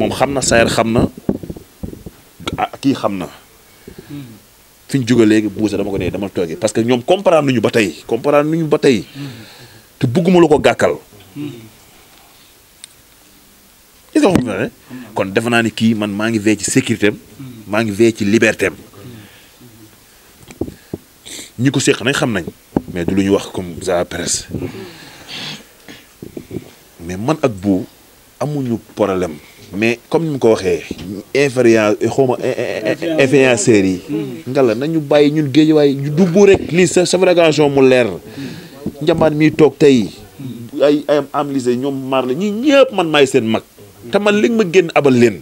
moom xam na Sayer xam na ah, kii xam na fi ñu jóge léegi buusa dama ko ne dama toogee parce que ñoom comprendre nañu ba tey comprendre nañu ba tey te bëgguma la ko gàkkal kon defe naa ne kii man maa ngi vee ci sécurité maa ngi vee ci liberté ñi ko seq nañ xam nañ mais du lu ñu wax comme ça presse mais man ak bu amuñu problème mais comme ni mu ko waxee influence xawma influenceurs yi nga la nañu bàyyi ñun géejawaay ñu dugg rek lii sa sa fréquentation mu leer njambaan mi toog tey ay ay am lycée ñoom maar la ñi ñëpp man maay seen mag te man li ma génn abal leen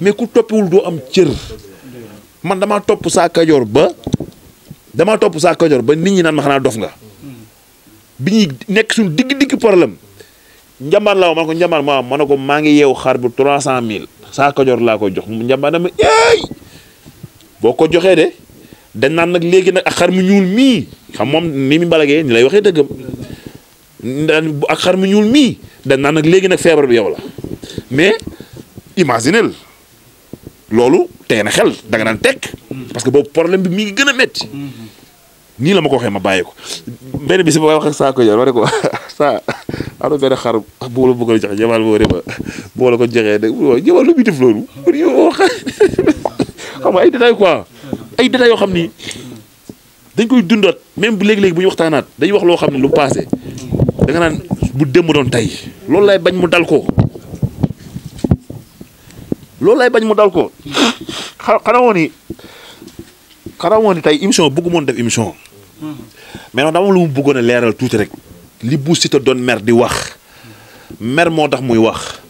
mais ku toppiwul doo am cër man damaa topp saa kajoor ba dama topp saa kajoor ba nit ñi naan ma xanaa dof nga bi ñuy nekk suñu digg digg problème njambaan laa man ko njambaan moo am ne ko maa ngi yeew xar bu trois cent mille saa kajoor laa koy jox mu njambaan dama eey boo ko joxee de da naan nag léegi nag a xar mu ñuul mii xam moom ni mu lay waxee dëggam ak xar mu ñuul mii dañ naan nag léegi nag feebar bi yow la mais imaginel loolu tey na xel da nga daan parce que boobu problème bi mi ngi gën a métti mm-hmm. nii la ma ko waxee ma bàyyi ko benn bi si ma wax saa ko yor ko am na benn xar bu ma la bëggoon joxe jamaal boo reba bu ko joxee de jamaal lu muy def loolu pour yow xam yoo xam ni dañ koy dundat même bu léegi-léegi bu ñu waxtaanaat dañuy wax loo xam ne lu passé da nga naan bu démb doon tey loolu lay bañ mu dal ko loolu lay bañ mu dal ko xanaa woon ni xanaa woon tey émission bëggu moon def émission hmm. mais noonu dama lu mu bëggoon a leeral tuuti rek li bu Siteu doon mer di wax mer moo tax muy wax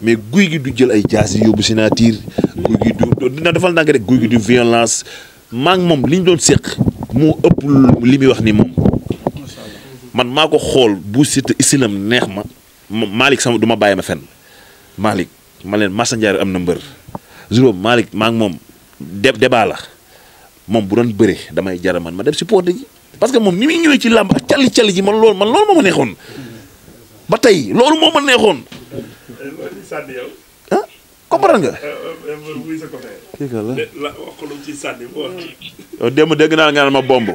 mais guy gi du jël ay jaasi yóbbu signature guy gi du dina defal nag rek guy gi du violence maa moom li ñu doon séq moo ëpp li muy wax ni moom man maa ko xool bu Siteu isilam neex ma Malick sama du ma bàyyi ma fenn Malick ma leen Massa am na mbër juróom Malick maa ngi moom de débat la moom bu doon bëre damay jara man ma dem supporter ji parce que moom ni muy ñëwee ci làmb ak calli calli ji man loolu man loolu moo ma neexoon ba tey loolu moo ma neexoon. sànni yow. Euh, dégg naa la nga naan ma bomb.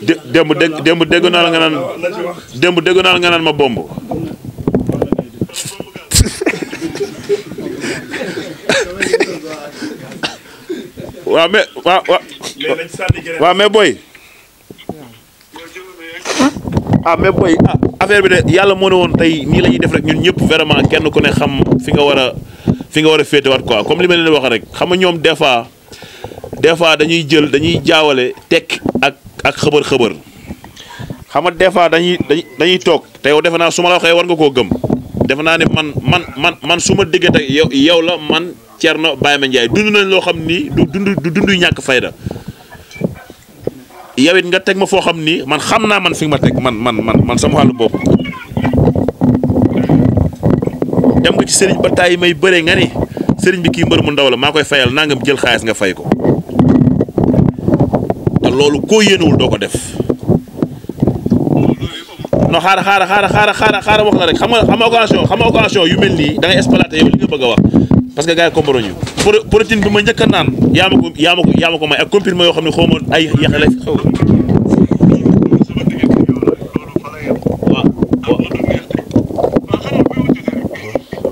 dé démb dégg démb dégg naa la nga naan démb dégg naa la nga naan ma bomb. waaw mais waaw waaw. waaw mais boy ah mais boy ah, affaire bi de yàlla moo ne woon tey nii la ñuy def rek ñun ñëpp vraiment kenn ku ne xam fi nga war a fi nga war a féetewaat quoi comme li ma leen wax rek xam nga ñoom des fois des fois dañuy jël dañuy jaawale tekk ak ak xëbër xëbër xam nga des fois dañuy dañuy toog te yow defe naa su ma la waxee war nga koo gëm defe naa ne man man man man su ma diggante yow yow la man Thierno Baye Mandiaye dund nañ loo xam ni du dund du dund ñàkk fayda yow it nga teg ma foo xam ni man xam naa man fi ma teg man man man man sama wàllu bopp dem nga ci sëriñ ba taay may bëree nga ni sëriñ bi kii mbër mu ndaw la maa koy fayal nangam jël xaalis nga fay ko te loolu koo yéenewul doo ko def non xaaral xaaral xaaral xaaral xaaral wax la rek xam nga xam nga occasion yu mel nii da ngay exploité yow li nga bëgg wax parce que gars yi comprendre ñu protéine bi ma njëkk a naan yaa ma ko yaa ma ko yaa ma ko may ak comprimé yoo xam ne xaw ma ay yàq la xaw waaw waxal waaw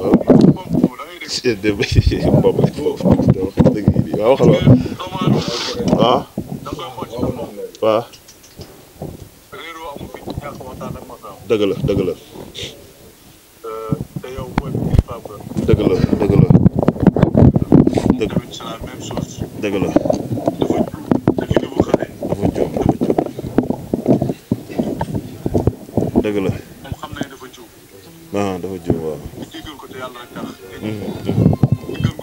waaw dëgg la dëgg la dëgg la ah, dafa juum. dafa juum waaw. ñu jégal ko te yàlla rek tax. ngi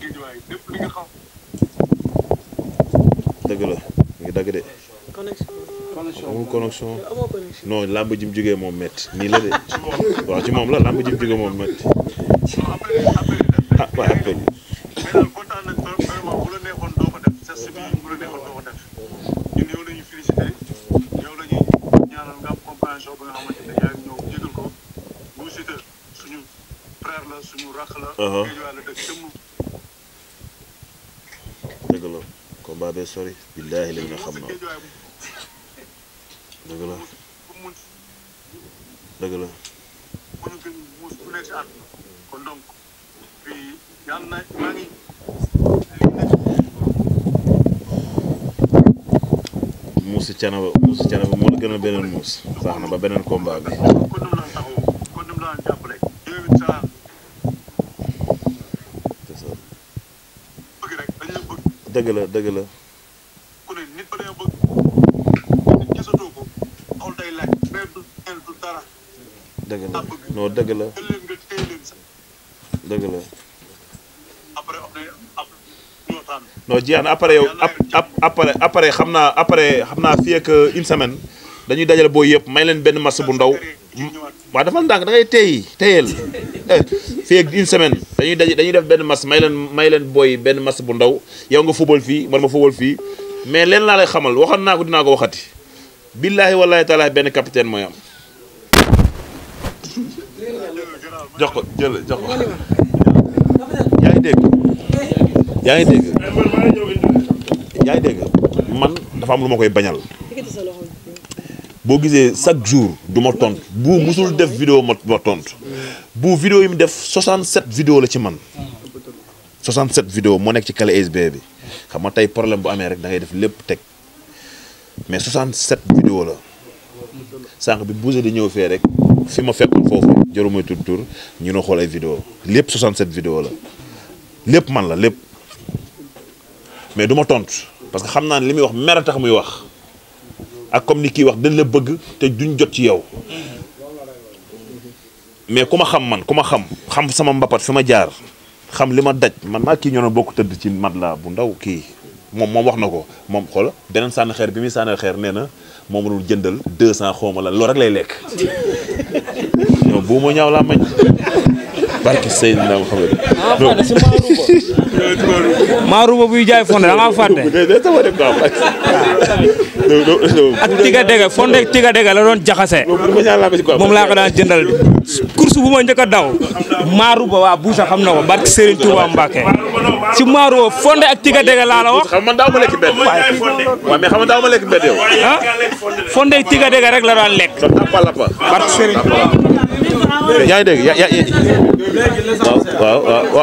géej waaye lépp li nga xam. dëgg la mu dagg de. amul connexion. non làmb ji mu moom métti nii la de waaw ci moom la làmb ji mu moom métti. ah waaw ak benn. mais daal kontaan nañ trop vraiment bu la neexoon doo ko def geste bi bu la neexoon doo ko def ñun yow la ñuy félicité yow la ñuy la suñu rakk la. géej puis am na maa moo gën a beneen muus baax na ba beneen combat dëgg la dëgg la ku dëgg la dëgg la. après non jeex na après yow après xam naa après xam naa fii ak une semaine dañuy dajal booy yëpp may leen benn match bu ndaw. waaw dafa ndànk da ngay téy téyeel eh, fii une semaine dañuy daj dañuy def benn match may leen may leen booy benn match bu ndaw yow nga fubal fii man ma fubal fii mais leen laa lay xamal waxoon naa ko dinaa ko waxati. billaahi wallaahi taalaa benn capitaine mooy am. jox ko jël jox ngi dégg yaa ngi man dafa am lu ma koy bañal boo gisee chaque jour du ma tontu bu musul def vidéo ma ma tontu bu vidéo yi mu def 67 vidéo la ci man 67 vidéo moo nekk ci clé USB bi xam nga tey problème bu amee rek da ngay def lépp teg mais 67 vidéo la sànq bi bougé di ñëw fee rek. fi ma fekkoon foofu jëru mooy ñu noo xool video lépp lépp 67 vidéo la lépp man la lépp mais duma tontu parce que xam naa ne li muy wax mer tax muy wax ak comme ni kii wax dañ la bëgg te duñ jot ci yow mais ku ma xam man ku ma xam xam sama mbapat fi ma jaar xam li ma daj man maa kii ñoo doon bokk tëdd ci mat laa bu ndaw kii moom moom wax na ko moom xool beneen sànni xeer bi muy sànni xeer nee na moom dul jëndal deux cent xaw la loolu lay lekk non bu ma ñaaw laa mañ barki Seydina Muhammad ah, maaruba buy jaay fonde da ngaa fàtte ah. la doon jaxase moom laa ko daan jëndal course bu ma njëkk daw maaruba waa buusa xam na ko barki Serigne Touba Mbacke si Maro Fondé ak Tiga Dege laa la wax. xam man daaw ma lekk xam nga daaw ma lekk mbedd yow. ah rek la daan lekk. donc Appa yaa ngi dégg ya ya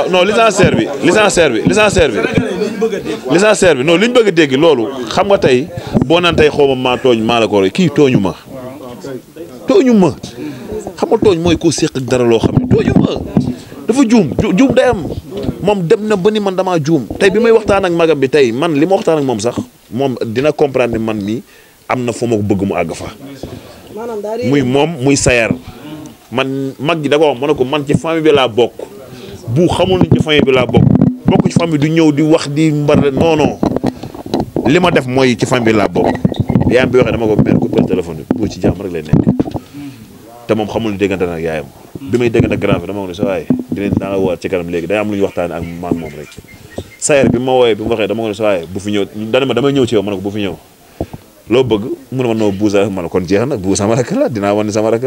bi licenciaire bi licenciaire bi. licenciaire bi non li bëgg a dégg loolu xam nga tey boo naan tey xaw ma maa tooñ maa la ko kii tooñu ma. tooñu ma xam nga tooñ mooy koo séq dara loo xam ne tooñu ma dafa juum juum day am. moom dem na ba ni man damaa juum tey bi may waxtaan ak magam bi tey man li ma waxtaan ak moom sax moom dina comprendre ni man mi am na fu ma ko bëgg mu àgg fa muy moom muy sayar man mag ji da ko wax ne ko man ci famille bi laa bokk bu xamul ni ci famille bi laa bokk bokk ci famille du ñëw di wax di mbar non non li ma def mooy ci famille bi laa bokk yaayam bi waxee dama ko mère coupé téléphone bi bu ci jàmm rek lay nekk te moom xamul ni déggante nag yaayam bi may dégg nag grand bi dama wax ne sa waaye dinañ naa la woowaat ci kanam léegi day am lu ñu waxtaane ak maak moom rek sayer bi ma wooyee bi mu waxee dama ko ne sa waaye bu fi ñëw dane ma damay ñëw loo bëgg mu ne ma noo ma ne kon jeex na bu sama rakk la dinaa wan ne la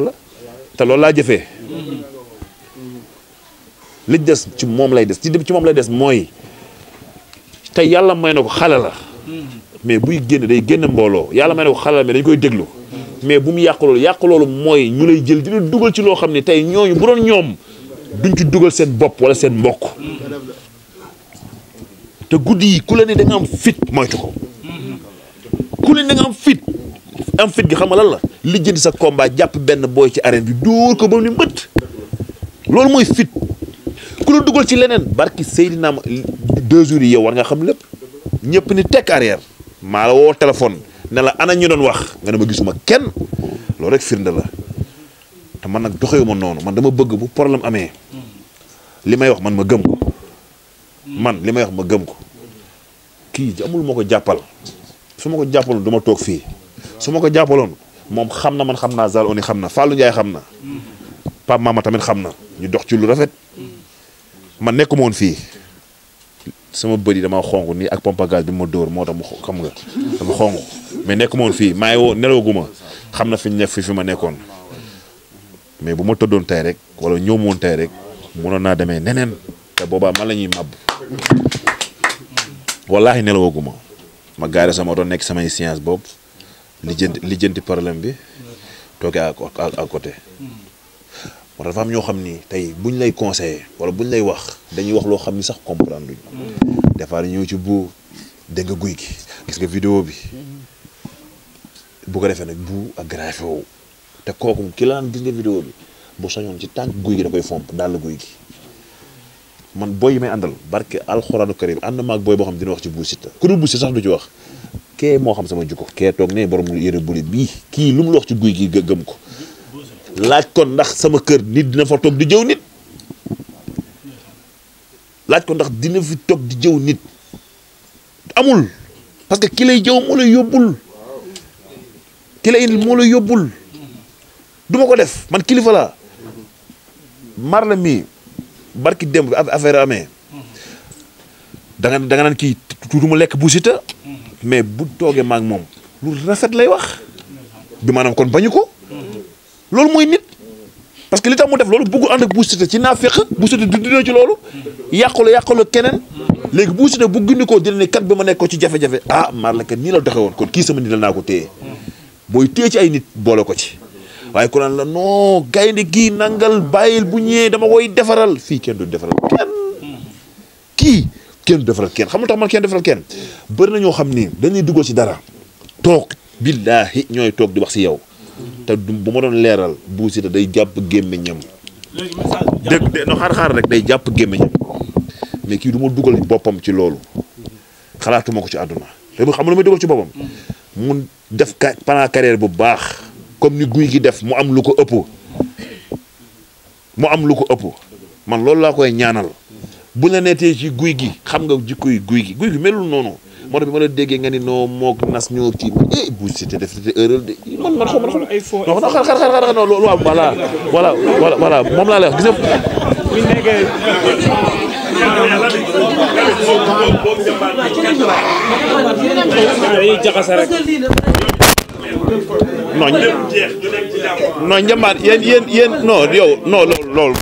te loolu laa jëfee li des ci moom lay des ci ci moom lay des mooy te yàlla may na ko xale la mm-hmm. mais buy génn day génn mbooloo yàlla may na ko xale la mais dañ koy déglu mais bu mu yàq loolu yàq loolu mooy ñu lay jël dina dugal ci loo xam ne tey ñooñu bu doon ñoom duñ ci dugal seen bopp wala seen mbokk te guddi yi ku la ne am fit moytu ko ku la ne am fit am gi xam nga lan la lijjanti sa combat jàpp benn booy ci arène bi dóor ko ba mu ni mbët loolu mooy fit ku la dugal ci leneen barki Seydina deux jours yi yow war nga xam lépp ñëpp ni tekk arrière maa la woo téléphone ne la ana ñu doon wax nga ne gisuma kenn loolu rek firnde la te man nag doxewuma noonu man dama bëgg bu problème amee li may wax man ma gëm man li may wax ma gëm ko kii amul ma ko jàppal su ma ko jàppaloon duma toog fii su ma ko jàppaloon moom xam na man xam naa Zal Oni xam na Fallou Ndiaye xam na Pape ma tamit xam na ñu dox ci lu rafet man nekkuma woon fii. sama yi dama xonq nii ak pompe gaz bi ma dóor moo tax mu xonq mais nekk moon fii maa ngi woo nelawaguma xam na fi ñu nekk fi fi ma nekkoon mais bu ma tëddoon tey rek wala ñëw moon tey rek mënoon naa demee neneen boobaa man la ñuy màbb wallaahi nelawaguma ma gaare sama doon nekk samay science boobu lijjanti lijjanti problème bi toogee ak à côté moo tax dafa am ñoo xam ni tey buñ lay conseiller wala buñ lay wax dañuy wax loo xam ni sax comprendre luñ mm. des fois ñëw ci bu dégg nga guy gi gis nga vidéo bi mm-hmm. bu ko defee nag bu ak wu te kooku ki la naan gis nga vidéo bi bu soñoon ci tànk guy gi da koy fomp daal guy gi man booy yi may àndal barke alxuraanu karim ànd maag booy boo xam dina wax ci bu Siteu ku dul bu Siteu sax du ci wax kee moo xam sama jukko kee toog ne borom yëre buli bii kii lu mu la wax ci guy gi gëm ko laaj kon ndax sama kër nit dina fa toog di jëw laaj ko ndax dina fi toog di jëw nit amul parce que kilay lay jëw moo lay yóbbul ki moo lay yóbbul duma ko def man kilifa la mi barki démb bi affaire amee da nga da nga naan kii tuutuma lekk bu Siteu mais bu toogee maak moom lu rafet lay wax bi maanaam kon bañu ko loolu mooy nit parce que li tax mu def loolu bëggul ànd ak Bou Siteu ci naafeq Bou Siteu du dina ci loolu yàqula yàqula keneen léegi Bou Siteu bu gindikoo dina ne kat bi ma nekkoon ci jafe-jafe ah maar la kat nii la doxee woon kon kii sama nit la naa ko téye booy téye ci ay nit boole ko ci waaye kon naan la non gaynde gii nangal bàyyil bu ñëwee dama koy defaral fii kenn du defaral kenn kii kenn du defaral kenn xam nga tax man kenn defaral kenn bëri na ñoo xam ni dañuy dugal ci dara toog billaahi ñooy toog di wax si yow te du bu ma doon leeral Bou Siteu day jàpp gémmiñam dëgg de no xaar xaar rek day jàpp gémmiñam mais kii du ma dugal boppam ci loolu xalaatuma ko ci àdduna xam lu may dugal ci boppam mun def ka carrière bu baax comme ni guy gi def mu am lu ko ëpp am lu ko ëpp man loolu laa koy ñaanal bu la nettee ci guy gi xam nga jikko yi guy gi guy gi melul noonu moo tax bi ma déggee nga ni noo moog nas ñoo ci eh, bu c'était def erreur de man man xaw ma na non non xar xar xar non loolu am voilà voilà voilà moom laa lay wax gis nga. dañuy jaxase rek. non non njambaar yéen yéen yéen non yow non loolu